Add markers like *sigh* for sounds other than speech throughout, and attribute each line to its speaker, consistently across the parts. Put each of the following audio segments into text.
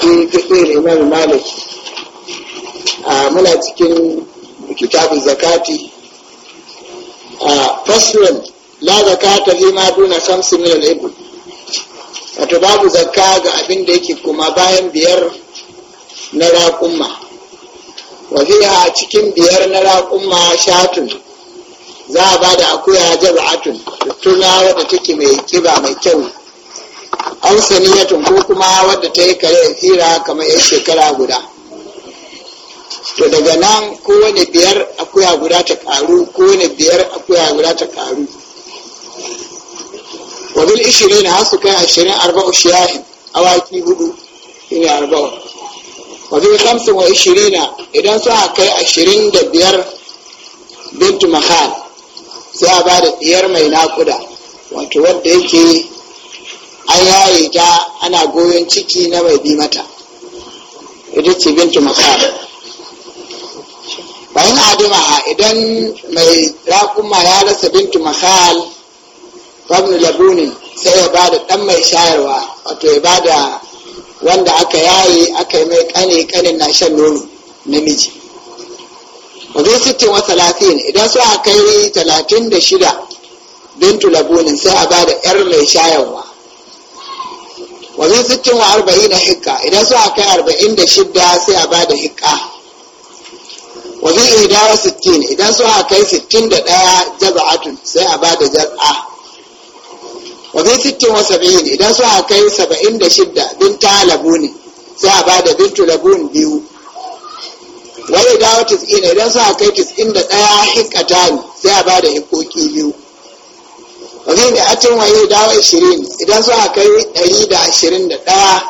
Speaker 1: fi imam malik a muna cikin kitabu zakati a fasirin la zakata fi ma duna samsu min wato babu zakka ga abin da yake kuma bayan biyar na raƙumma wa a cikin biyar na raƙumma shatun za a ba da akuya jab'atun tuna wadda take mai kiba mai kyau an ya ko kuma wadda ta yi kare hira kamar yan shekara guda to daga nan kowane biyar akuya guda ta karu kowane biyar akuya guda ta karu wabil ishirin na hasu kai ashirin arba'u shiyahin awaki hudu ne arba'u wabil kamsin wa na, idan su kai ashirin da biyar bintu mahal sai a ba da diyar mai naƙuda wato wadda yake an yaye ta ana goyon ciki na mai bi mata ita ce bintu makar bayan adama idan mai rakuma ya rasa bintu makal fabnu labuni sai ya ba da mai shayarwa wato ya bada wanda aka yaye aka yi mai kane kanin na shan nono namiji wajen sittin wa talatin idan su aka kai talatin da shida bintu labunin sai a ba da yar mai shayarwa wa min sittin wa arba'in arba'ina hikka idan suka kai arba'in da shidda sai a bada hikka wa min ihda wa sittin idan suka kai sittin da ɗaya jaza'atun sai a bada jaz'a wa min sittin wa saba'in idan suka kai saba'in da shidda bin ta talabuni sai a bada bin tulabun biyu wa ihda wa tis'ina idan suka kai tis'in da ɗaya hikkatani sai a bada hikoki biyu ribi'atin wa waye dawa 20 idan a kai ɗari da 121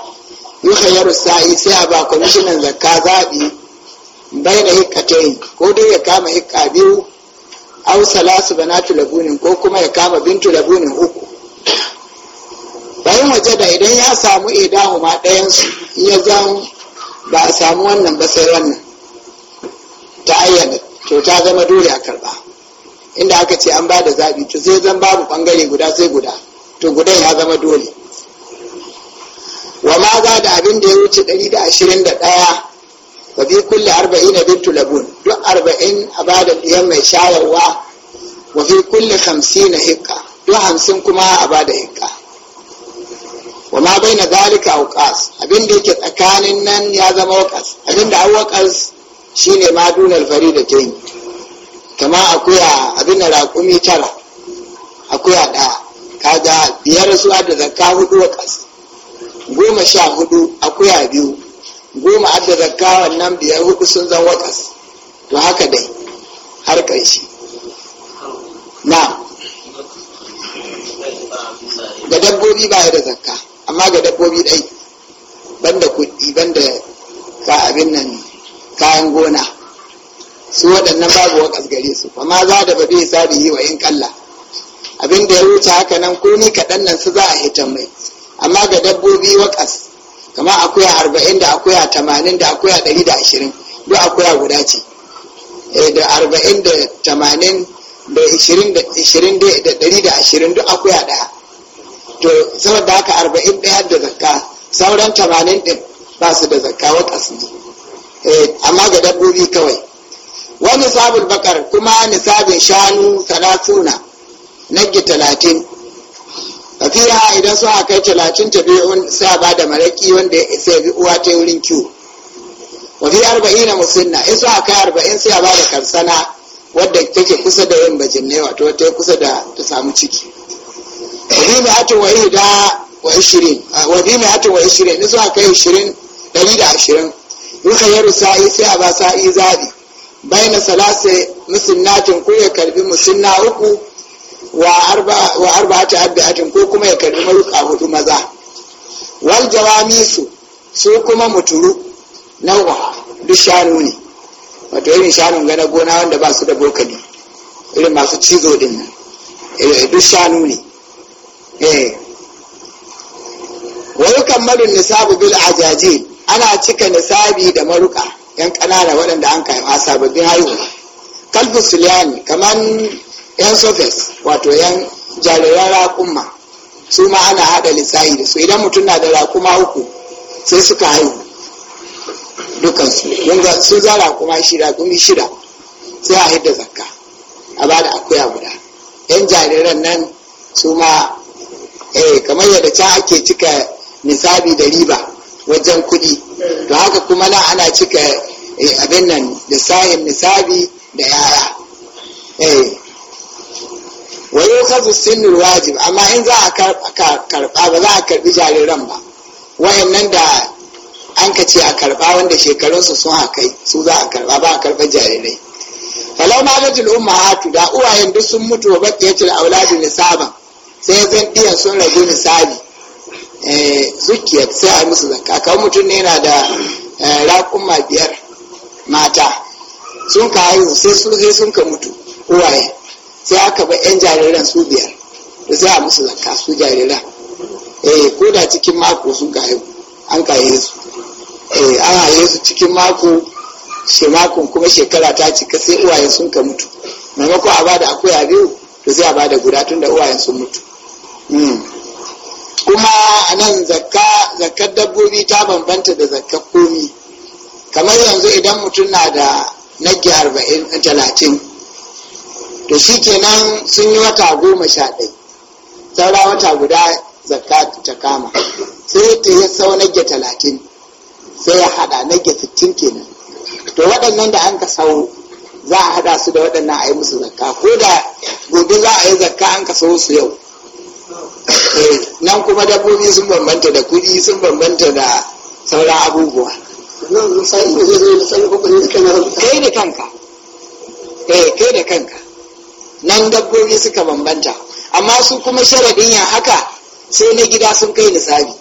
Speaker 1: yi khayyaru sa'i sai a ba kwamishinan zakka zaɓi bai da yi ko dai ya kama hikka biyu au salasu bana tulabunin ko kuma ya kama bin tulabunin uku bayan waje da idan ya samu idahu ma ɗayansu ya zan ba a samu wannan ba sai wannan ta ayyana to ta zama dole a karɓa inda aka ce an ba da zaɓi to sai zan babu ɓangare guda sai guda to gudan ya zama dole wa ma za da abin da ya wuce 121 wa bi kulli 40 bintu labun duk 40 a ba da ɗiyan mai shayarwa wa fi kulli 50 hikka duk 50 kuma a ba da hikka wa ma bai na zalika auqas abin da yake tsakanin nan ya zama wakas, abin da an shine ma dunal fari da ta yi kama akuya abin da raƙumi tara akuya ɗaya kaga biyar su da zakka hudu wa ƙasa goma sha hudu akuya biyu goma adda zakka wannan biyar hudu sun zan wa to haka dai har ƙarshe na ga dabbobi ba da zakka amma ga dabbobi ɗai banda kuɗi banda ka abin nan kayan gona su waɗannan babu wani gare su amma za da ba bai sabi yi wa yin kalla abin da ya wuce haka nan ko ni kaɗan nan su za a hitan mai amma ga dabbobi waƙas, kamar akuya arba'in da akuya tamanin da akuya ɗari da ashirin duk akuya guda ce eh, da arba'in da tamanin da ishirin da ishirin da ɗari da ashirin duk akuya ɗaya to saboda haka arba'in ɗaya da zakka sauran tamanin ɗin ba su da zakka waƙas ne eh, amma ga dabbobi kawai wa nisabul bakar kuma nisabin shanu talatuna nagi talatin fafiha idan su a kai talatin ta biyu sai a bada maraki wanda ya isa bi uwa ta wurin kiwo wa fi arba'in na musinna in a kai arba'in sai a bada karsana wadda take kusa da yin bajinne wato wata kusa da ta samu ciki wa fi ta wa ihda wa ishirin wa fi mi'atin wa ishirin in a kai ishirin ɗari da ashirin yuka yaru sa'i sai a ba sa'i zaɓi baina salase musinnatin ko ya karbi musinna uku wa arba ta arba'ati abbi'atin ko kuma ya karbi maruka hudu maza wal jawami su su kuma muturu nawa duk shanu ne wato irin shanun gana gona wanda ba su da bokali irin masu cizo din nan eh, duk shanu ne eh kammalin yukammalu nisabu bil ajajin ana cika nisabi da maruka yan kanana waɗanda an kaifa sababbin haihuwa kalbus siliyani kamar yan sofes wato yan jariran raƙumma su ma ana haɗa lissahi da su idan mutum na da raƙuma uku sai suka haihu dukansu wanda su za raƙuma shida gumi shida sai a hidda zakka a ba da akuya guda yan jariran nan su ma eh kamar yadda can ake cika nisabi da riba wajen kuɗi to haka kuma nan ana cika Eh, abin nan lissahin misali da yaya eh. yi kasu sinul wajib amma in za a karɓa ba za a karɓi jariran ba wayannan da an ka ce a karɓa wanda shekarunsu sun haka su za a karɓa ba a karba jarirai falau ma rajul ummahatu da uwayen duk sun mutu wa baqiyatul auladi nisaban sai zan iya sun rage misali eh zukiyat sai a musu zakka kawai mutum ne yana da eh, raƙuma biyar mata sun ka haihu sai su zai sun ka mutu uwaye sai aka bar yan jariran su biyar da sai a musu zakka su jarira eh ko da cikin mako sun ka haihu an ka su eh an haihe su cikin mako shi makon kuma shekara ta cika sai uwaye sun ka mutu maimako a bada akuya biyu to sai a bada guda tun da uwayen sun mutu hmm. kuma a nan zakka zakkar dabbobi ta bambanta da zakkar komi kamar yanzu idan mutum na da nagi arba'in talatin to shi kenan sun yi wata goma sha ɗai saura wata guda zakka ta kama sai ta yi sau nagi talatin sai ya hada nagi sittin kenan to waɗannan da an ka sau za a hada su da waɗannan a yi musu zakka ko da gobe za a yi zakka an ka sau su yau eh, nan kuma dabbobi sun bambanta da kuɗi sun bambanta da sauran abubuwa kai da kanka eh kai da kanka nan dabbobi suka bambanta amma su kuma sharadin ya haka sai na gida sun kai nisabi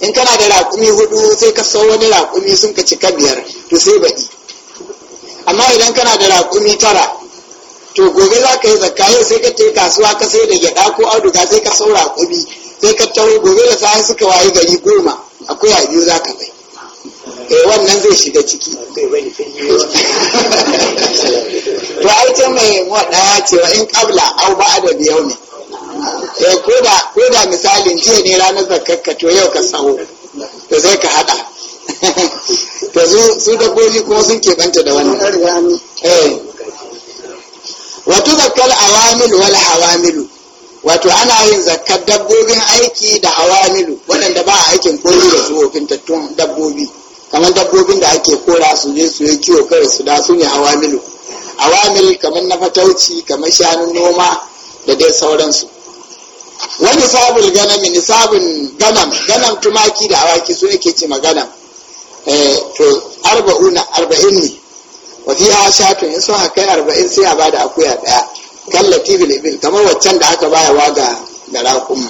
Speaker 1: in kana da raƙumi hudu sai ka sau wani raƙumi sun ka cika biyar to sai baɗi amma idan kana da raƙumi tara to gobe za ka yi zakka yau sai ka tafi kasuwa ka sai da gyaɗa ko auduga sai ka sau raƙumi sai ka tawo gobe da safe suka wayi gari goma akwai a biyu za ka bai eh wannan zai shiga ciki to ai ta mai waɗaya cewa in ƙabla au ba da biyau ne eh ko da ko da misalin jiya ne ranar zakarka to yau ka saho to zai ka hada *laughs* to su su dabbobi kuma sun keɓanta da wannan eh wato zakkal awamil wal hawamilu wato ana yin zakkar dabbobin aiki da hawamilu waɗanda ba a aikin koyi da su ofin tattun dabbobi kamar dabbobin da ake kora su je su yi kiwo kai su da su ne awamilu awamil kamar na fatauci kamar shanun noma da dai sauransu wani sabul ni sabun ganam ganam tumaki da awaki su ake ce ganam eh, to arba'una arba'in ne wa ha shatun in sun haka arba'in sai a bada akuya daya kallati bil ibil kamar waccan da aka bayarwa ga da raƙuma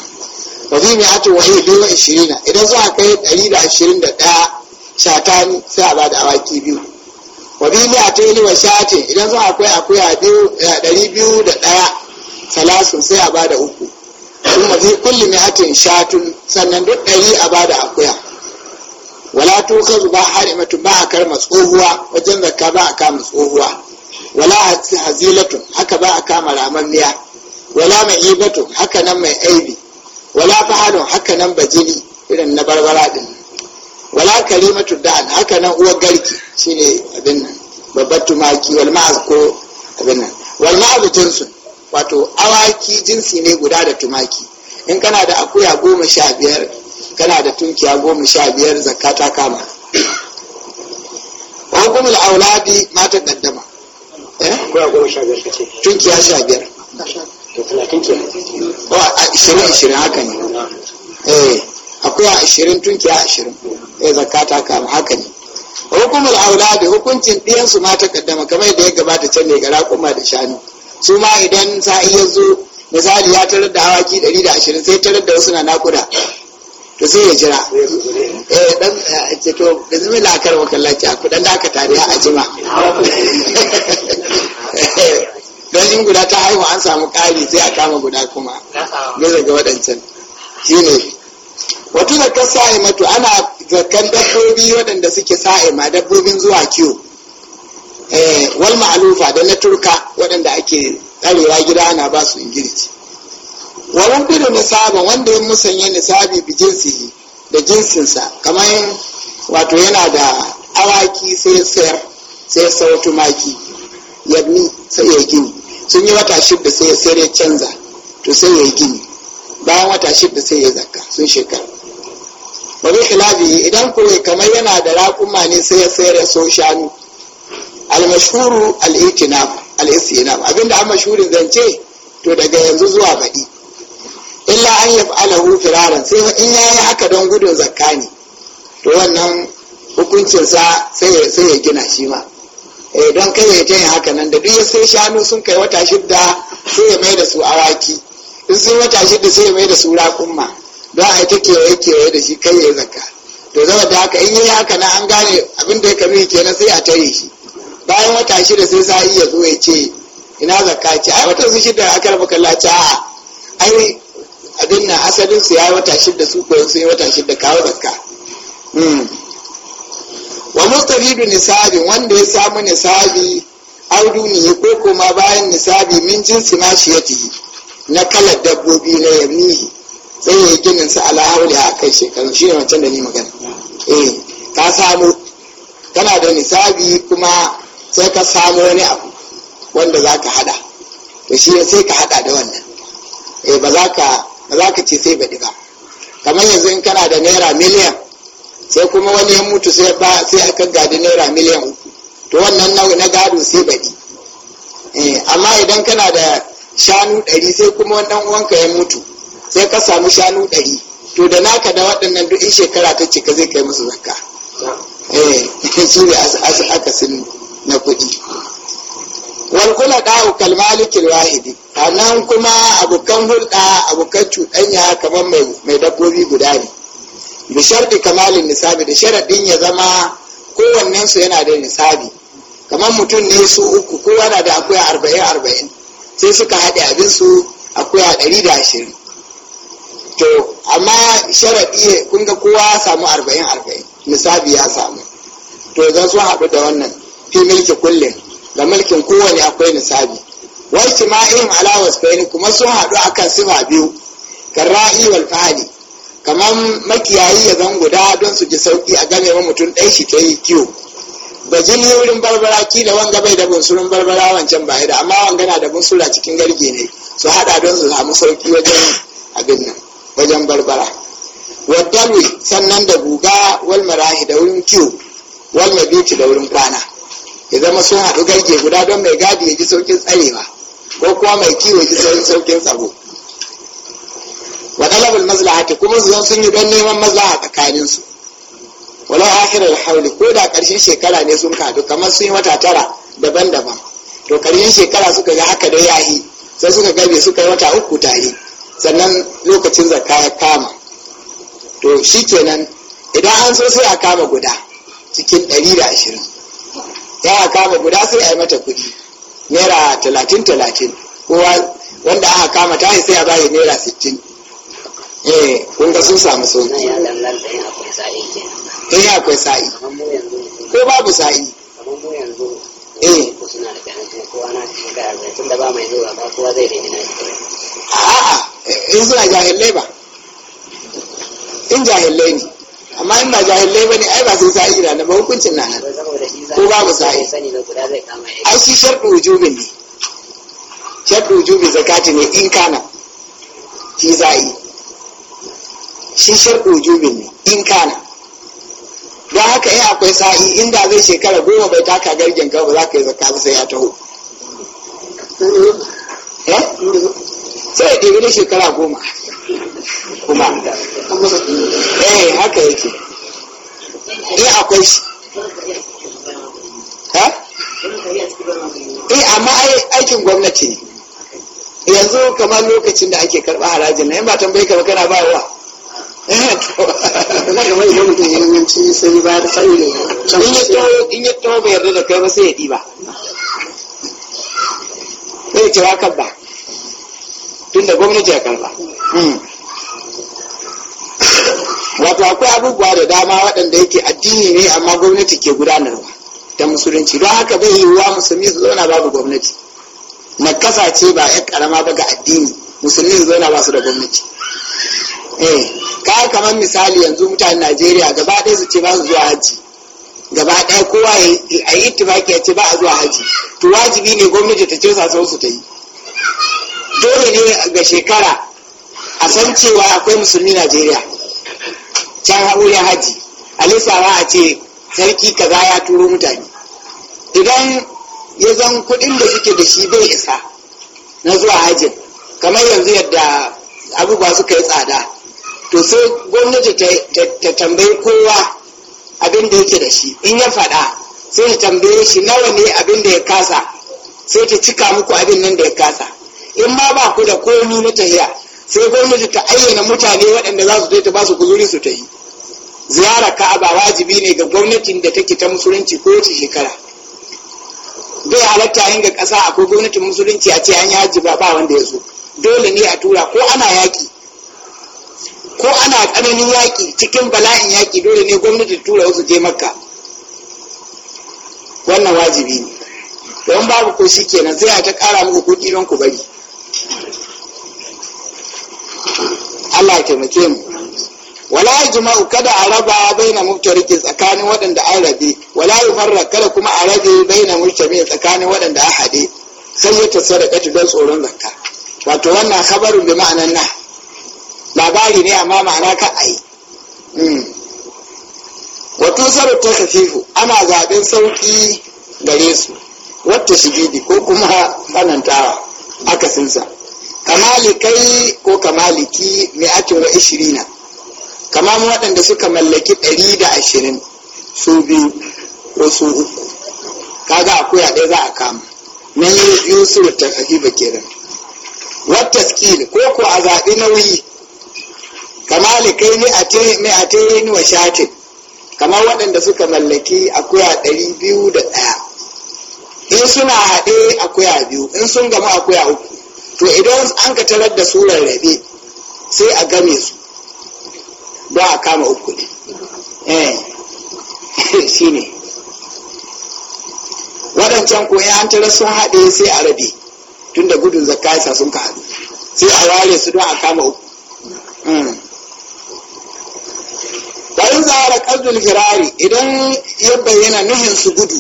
Speaker 1: wa fi mi'atu wa hiya 20 idan sun haka ɗari da ashirin da ɗaya shatani sai a bada awaki biyu wa a ta yi wa shatin idan zuwa akwai akuya biyu eh, ɗari biyu da ɗaya salasu sai a bada uku kuma fi kulli hatin shatun sannan duk ɗari a bada akuya wala zuba ba harimatu ba a karma tsohuwa wajen zakka ba a kama tsohuwa wala hazilatun haka ba a kama ramammiya wala mai ibatu haka nan mai aibi wala fahalun haka nan bajili irin na barbara din wala kalimatu da'an haka nan uwa garki shine abin nan babbar tumaki wal ma'az ko abin nan wal ma'az jinsun wato awaki jinsi ne guda da tumaki in kana da akuya goma sha biyar kana da tunkiya goma sha biyar zakka ta kama wa hukumul auladi ma ta eh akuya tunkiya sha biyar to 30 kenan a 20 20 haka ne eh Akwai a ashirin a ashirin ya eh, zaka ta kama haka ne hukumar auladi hukuncin ɗiyansu ma ta kamar da ya gabata can ne ga raƙuma da shanu su ma idan sa'i ya zo misali ya tarar da hawaki ashirin sai tarar da wasu na nakuda to sai ya jira eh dan eh, ce to kar wa a kudan da aka tare a jima *laughs* don in guda ta haihu an samu ƙari sai a kama guda kuma bisa ga waɗancan shine wata zakar sa'imatu ana zakan dabbobi waɗanda suke sa'ima dabbobin zuwa kiwo eh, wal ma'alufa da na turka waɗanda ake tsarewa gida ana ba su ingilici warin kudu nisaba wanda ya musanya nisabi bi jinsihi da jinsinsa kamar wato yana da awaki sai sayar sai sau tumaki ya bi sai ya gini sun yi wata shida sai ya ya canza to sai ya gini bayan wata shida sai ya zakka sun shekara ba zai kilabi idan kure kamar yana da raƙuma ne sai ya sayar da so shanu al-mashhuru al itinaf al istinaf abinda an zan zance to daga yanzu zuwa baɗi illa an yaf'alahu firaran sai in yayi haka don gudun zakka to wannan hukuncinsa sai ya gina shi ma eh don kai ya tayin haka nan da duk ya sai shanu sun kai wata shidda sai ya mai da su awaki in sun wata shidda sai ya mai da su raƙumma ba a ta kewaye kewaye da shi kai ya zaka to zama da haka in yi haka na an gane abin da ya ke kenan sai a tare shi bayan wata shida sai sa iya zo ya ce ina zaka ce ai wata su shida aka rabu kalla ce a ai abin na asalin su ya wata shida su ko sun yi wata shida kawo zaka hmm. wa mustaridu nisabi wanda ya samu nisabi audunihi ko kuma bayan nisabi min jinsi ma shi na kalar dabbobi na yamihi sai ya yi ginin sa ala hauli a kai shekaru shi ne wancan da ni magana eh ka samu kana da nisabi kuma sai ka samu wani abu wanda za ka hada to shi sai ka hada da wannan eh ba za ka ba za ka ce sai baɗi ba kamar yanzu in kana da naira miliyan sai kuma wani ya mutu sai ba sai aka gadi naira miliyan uku to wannan nau'i na gado sai baɗi eh amma idan kana da shanu ɗari sai kuma wannan uwanka ya mutu sai ka samu shanu ɗari to da naka da waɗannan duk in shekara ta cika zai kai musu zakka eh shi *laughs* ne akasin na kuɗi walkula kula kalmalikin wahidi a nan kuma abokan hulɗa abokan cuɗanya kamar mai dabbobi guda ne da sharɗi kamalin nisabi da sharaɗin ya zama kowannensu yana da nisabi kamar mutum ne su uku kowa na da akuya arba'in arba'in sai suka haɗe su akuya ɗari da ashirin to amma sharaɗi kun ga kowa samu arba'in arba'in nisabi ya samu to zan so haɗu da wannan fi milki kullum da mulkin kowane akwai nisabi wai in alawas wasfaini kuma sun haɗu akan sifa biyu karra'i wal fahali kamar makiyayi ya zan guda don su ji sauki a game wa mutum ɗaya shi ta yi kiwo ba jini wurin barbara kila wanga bai da bunsurin barbara wancan ba da amma wanga na da bunsura cikin garge ne su haɗa don su samu sauki wajen abin nan wajen barbara wadalwi sannan da guga wal marahi da wurin kiwo wal da wurin kwana ya zama sun haɗu garge guda don mai gadi ya ji saukin tsarewa ko kuma mai kiwo ya ji saukin tsaro wa dalabul maslahati kuma su sun yi don neman maslaha tsakaninsu walau akhirar hauli ko da ƙarshen shekara ne sun kadu kamar sun yi wata tara daban-daban to ƙarshen shekara suka ga haka da yahi sai suka gabe suka yi wata uku tare sannan lokacin zaka ya kama to shi kenan idan an so sai a kama guda cikin ɗari da ashirin ya a kama guda sai a yi mata kuɗi naira talatin talatin kowa wanda aka kama ta sai a bayi naira sittin eh kun ga sun samu sauki in akwai sa'i ko babu sa'i eh ko suna da da tunda ba mai zuwa ba kowa zai na a'a in suna jahillai ba in jahillai ne amma in ba jahillai ba ne ai ba sun sa'i na ba hukuncin na nan ko babu sa'i ai shi sharɗin wujubin ne sharɗin wujubin zakati ne in kana shi sa'i shi sharɗin wujubin ne in kana don haka ya eh, akwai sa'i inda zai shekara goma bai taka gargin ka ba za ka yi zaka sai ya taho eh? sai ya ɗebi na shekara goma kuma eh haka yake in eh, akwai shi eh amma aikin gwamnati ne yanzu kamar lokacin da ake karɓa harajin na yin ba tambayi ka kana bayarwa ba da in ya da kai ba sai ya cewa tun da gwamnati ya wato akwai abubuwa da dama waɗanda yake addini ne amma gwamnati ke gudanarwa ta musulunci don haka bai yiwuwa musulmi su zauna babu gwamnati na kasa ce ba ya karama ba ga addini musulmi su zauna ba su da gwamnati eh ka kamar misali yanzu mutanen najeriya gaba ɗaya su ce ba su zuwa haji gaba ɗaya kowa a yi ittifaki ya ce ba a zuwa haji to wajibi ne gwamnati ta ce sasau su ta yi dole ne ga shekara a san cewa akwai musulmi najeriya can haƙurin haji a ba a ce sarki kaza ya turo mutane idan ya zan kuɗin da suke da shi bai isa na zuwa hajin kamar yanzu yadda abubuwa suka yi tsada to sai gwamnati ta tambayi kowa abin da yake da shi in ya faɗa sai ta tambaye shi nawa ne abin da ya kasa sai ta cika muku abin nan da ya kasa in ma ba ku da komi na tahiya sai gwamnati ta ayyana mutane waɗanda za su ta ba su guzuri su ta yi ziyara ba wajibi ne ga gwamnatin da take ta musulunci ko kowace shekara bai halatta yin ga ƙasa akwai gwamnatin musulunci a ce an yi hajji ba ba wanda ya zo dole ne a tura ko ana yaƙi ko ana ƙananin yaƙi cikin bala'in yaƙi dole ne gwamnati tura wasu je makka wannan wajibi ne don babu ko shi kenan sai a ta ƙara muku kuɗi don ku bari Allah taimake mu wala jima'u kada a raba baina mutariki tsakanin waɗanda an rabe wala yufarra kada kuma a rabe baina mujtami tsakanin waɗanda an haɗe, sai ya tasadaka don tsoron zakka wato wannan khabarin bi ma'anan nah labari ne amma ma'ana ka a yi hmm. wato sarar ta kafifu ana zaɓen sauƙi gare su wata shigidi ko kuma tsanantawa Kamali kamalikai ko kamaliki ake wa ishirina kamar waɗanda suka mallaki ɗari da ashirin su biyu ko su uku kaga akuya ɗaya za a kama nan yi yusuf ta kafifa bakirin wata skill ko ko a zaɓi nauyi kama likai ni wa shatin kamar waɗanda suka mallaki akuya ɗari biyu da ɗaya in suna haɗe akuya biyu in sun gama akuya uku to idan an ka tarar da su rarrabe sai a game su ba a kama uku ne eh *laughs* shi ne waɗancan ko an tarar sun haɗe sai a rabe tun da gudun zakka sun ka haɗu sai a ware su don a kama uku hmm. bayan zahara kazdul hirari idan ya bayyana nuhin su gudu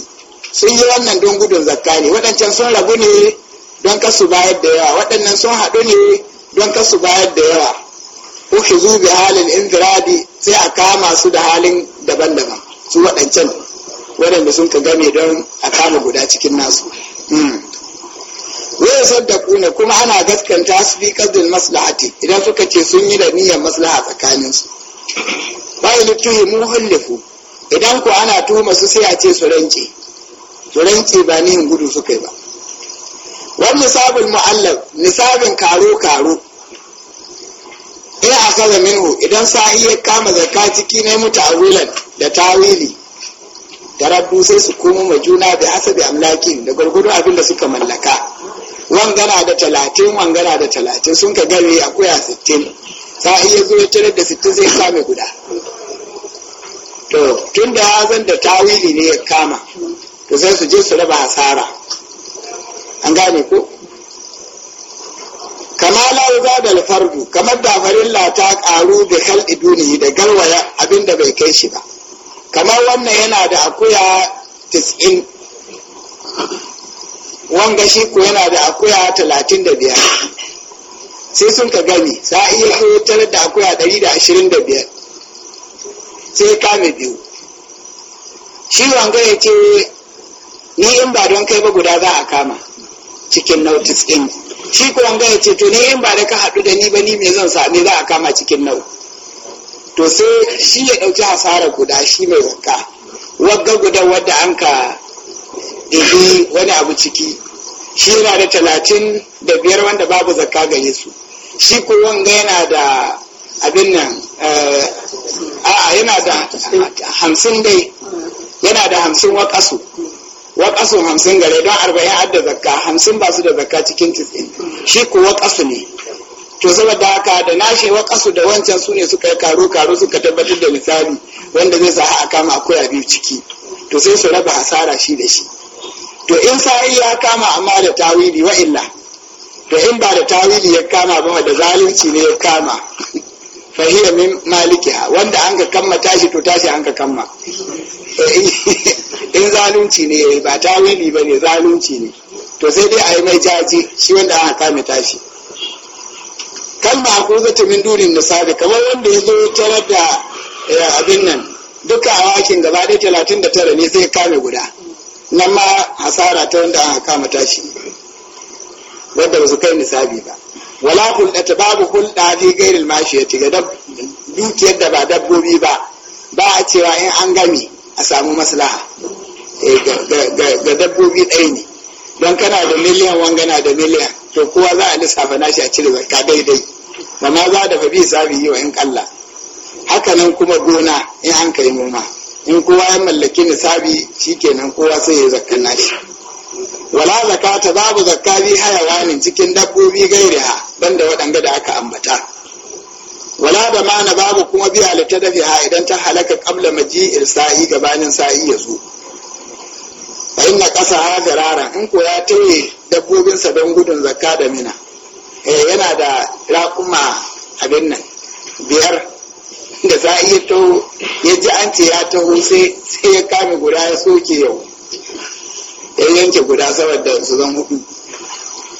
Speaker 1: sun yi wannan don gudun zakka ne waɗancan sun rabu ne don kasu bayar da yawa waɗannan sun haɗu ne don kasu bayar da yawa uku zu bi halin infiradi sai a kama su da halin daban-daban su waɗancan waɗanda sun ka game don a kama guda cikin nasu hmm. wai saddaku ne kuma ana gaskanta su bi kazdul maslahati idan suka ce sun yi da niyyar maslaha tsakaninsu bayan tuhi muhallifu idan ku ana tuhuma su sai a ce su rance su rance ba nihin gudu suka kai ba wani nisabin mu'allaf nisabin karo karo in akaza minhu idan sa'i ya kama zakka ciki ne muta awilan da tawili taraddu sai su komo ma juna da asabi amlaki da gwargwadon abin da suka mallaka wangana da talatin wangana da talatin sun ka gare akuya sittin sa'i ya zo ya tare da sittin zai kame guda to tun da ya zan da tawili ne ya kama to sai su je su raba asara an gane ko kama la da fardu kamar da farilla ta karu da kal iduni da galwaya abinda bai kai shi ba kamar wannan yana da akuya 90 wanga shi ko yana da akuya 35 sai sun ka gani sa'i ya tare da akuya 125 sai kame biyu shi wanga ya ce ni in ba don kai ba guda za a kama cikin notice din shi ko wanga ya ce to ni in ba da ka haɗu da ni ba ni me zan sa me za a kama cikin nau to sai shi ya ɗauki hasara guda shi mai wanka. wagga guda wadda an ka ɗibi wani abu ciki shi yana da talatin da biyar wanda babu zakka gare su shi ko wanga yana da abin nan eh, a'a yana da hamsin dai yana da hamsin waƙasu waƙasu hamsin gare don arba'in har da zakka hamsin ba su da zakka cikin tsitsi shi ku waƙasu ne to saboda haka da nashi waƙasu da wancan su ne suka yi karo karo suka tabbatar da misali wanda zai sa a kama akwai biyu ciki to sai su raba hasara shi da shi to in sa'i ya kama amma da tawili wa to in ba da tawili ya kama ba da zalunci ne ya kama fahiyar min malikiha wanda an ka kamma tashi to tashi an ka kamma in zalunci ne yayi ba wili ba ne zalunci ne to sai dai a yi mai jaji shi wanda an kame tashi kalma a zata min durin nisabi kamar wanda ya zo tarar da eh, abin nan duka a wakin gaba ɗaya talatin da tara ne sai kame guda nan ma hasara ta wanda an kama tashi wadda ba su kai nisabi ba wala ta babu hulɗa fi gairil ya ga dukiyar da ba dabbobi ba ba a cewa in an gami a samu maslaha eh, ga dabbobi ɗaya ne don kana da miliyan wangana da miliyan to kowa za a lissafa nashi a cire zarka daidai ba ma za da bi sabi yi wa in kalla haka nan kuma gona in an kai noma in kowa ya mallaki nisabi kenan kowa sai ya zakka nashi wala zakata babu zakka bi hayawanin cikin dabbobi gairiha banda waɗanda da aka ambata wala da mana babu kuma biya halitta da ha idan ta halaka kabla maji irsa'i gabanin sa'i ya zo fa kasa ha zarara in ko ya taye dabbobinsa don gudun zakka da mina eh, yana da raƙuma abin nan biyar da a ya taho ya ji an ce ya taho sai sai ya kame guda ya soke yau sai yanke guda saboda su zan hudu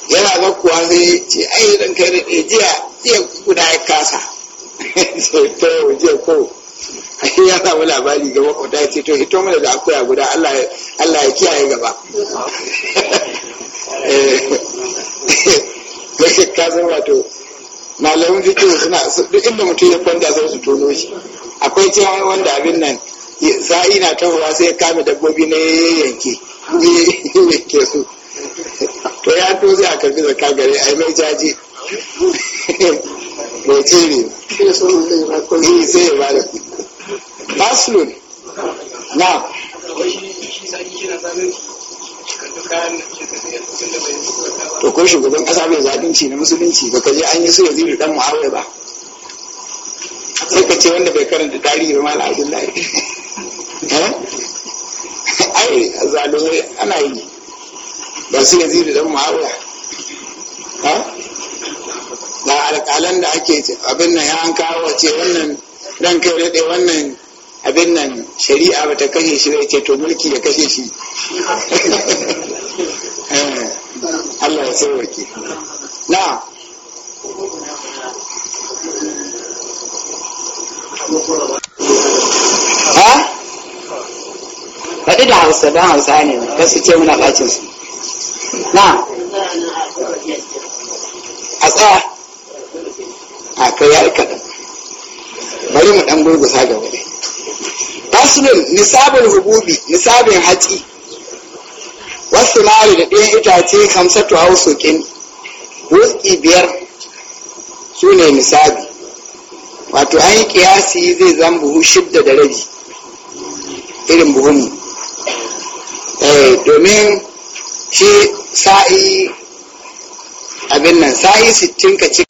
Speaker 1: yana ga kuwa sai ce ai dan kai da jiya jiya guda ya kasa *laughs* to jiya ko ai ya samu labari ga ko ta ce to hito mana da akuya guda Allah Allah ya kiyaye gaba *laughs* eh *laughs* ka zo wato malamin fiqh suna duk inda mutum ya kwanta sai su tono shi akwai cewa wanda abin nan sa'i na tahowa sai ya kame dabbobi na yanke ne ke su to ya to sai a karbi zakka gare a yi mai jaji mai tsiri ne sai ya bada baslun na to ko shugaban kasa mai zaɓinci na musulunci ba ka je an yi su yanzu dan mu'awai ba sai ka ce wanda bai karanta tarihi ba mala abdullahi zalumai ana yi ba su yanzu da dan ma'aura da alƙalan da ake abin nan ya an kawo ce wannan dan kai daɗe wannan abin nan shari'a ba ta kashe shi bai ce to mulki ya kashe shi *laughs* eh, Allah ya wake na Thank da hausa don hausa ne ba su ce muna bacin su na a tsaya a kai ya ikada bari mu ɗan gurgusa gaba ne fasulun nisabin hububi nisabin hatsi wasu mari da ɗayan itace hamsatu hau sokin wutsi biyar su ne nisabi wato an yi kiyasi zai zan buhu shidda da rabi irin buhunmu Eh, domin shi sa'i abin nan sa'i sittin ka ci